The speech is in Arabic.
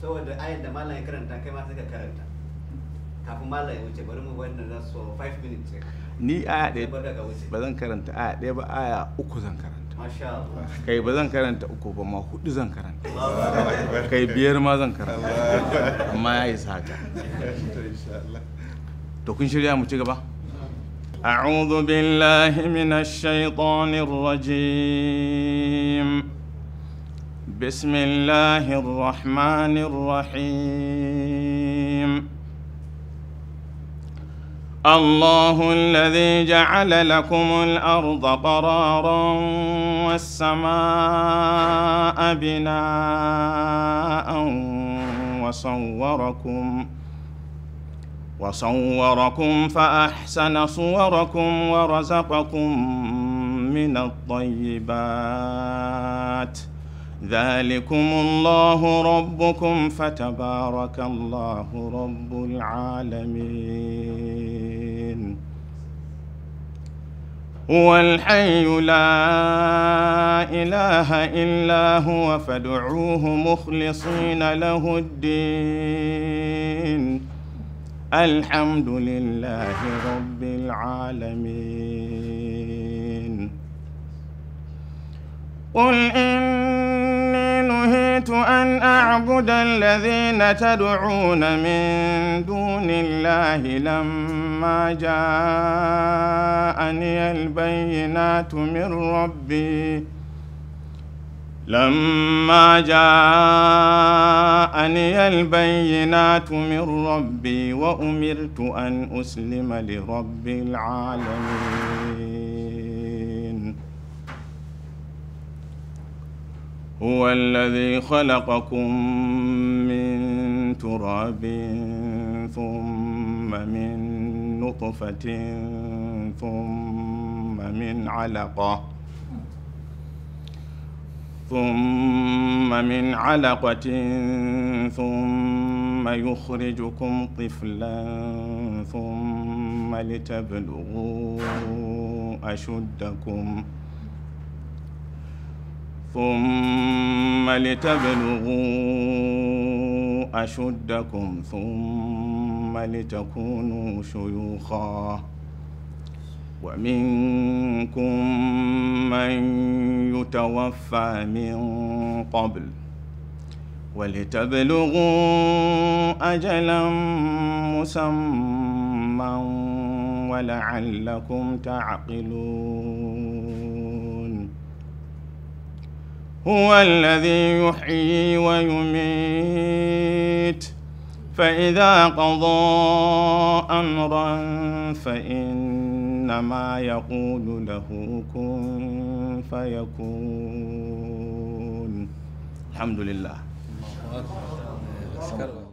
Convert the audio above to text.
saboda ayar da malam ya karanta kai ma sai ka karanta kafin malam ya wuce bari mu bari na so 5 minutes ni aya ɗaya ba zan karanta aya ɗaya ba aya uku zan karanta kai ba zan karanta uku ba ma hudu zan karanta kai biyar ma zan karanta amma ya isa haka to kun shirya mu ci gaba أعوذ بالله من الشيطان الرجيم بسم الله الرحمن الرحيم الله الذي جعل لكم الأرض قرارا والسماء بناء وصوركم وصوركم فأحسن صوركم ورزقكم من الطيبات ۖ ذلكم الله ربكم فتبارك الله رب العالمين هو الحي لا اله الا هو فادعوه مخلصين له الدين الحمد لله رب العالمين قل ان أمرت أن أعبد الذين تدعون من دون الله لما جاءني البينات من ربي لما جاءني البينات من ربي وأمرت أن أسلم لرب العالمين هو الذي خلقكم من تراب ثم من نطفة ثم من علقة ثم من علقة ثم يخرجكم طفلا ثم لتبلغوا أشدكم ۖ ثم لتبلغوا أشدكم ثم لتكونوا شيوخا ومنكم من يتوفى من قبل ولتبلغوا أجلا مسمى ولعلكم تعقلون هو الذي يحيي ويميت فإذا قضى أمرا فإنما يقول له كن فيكون الحمد لله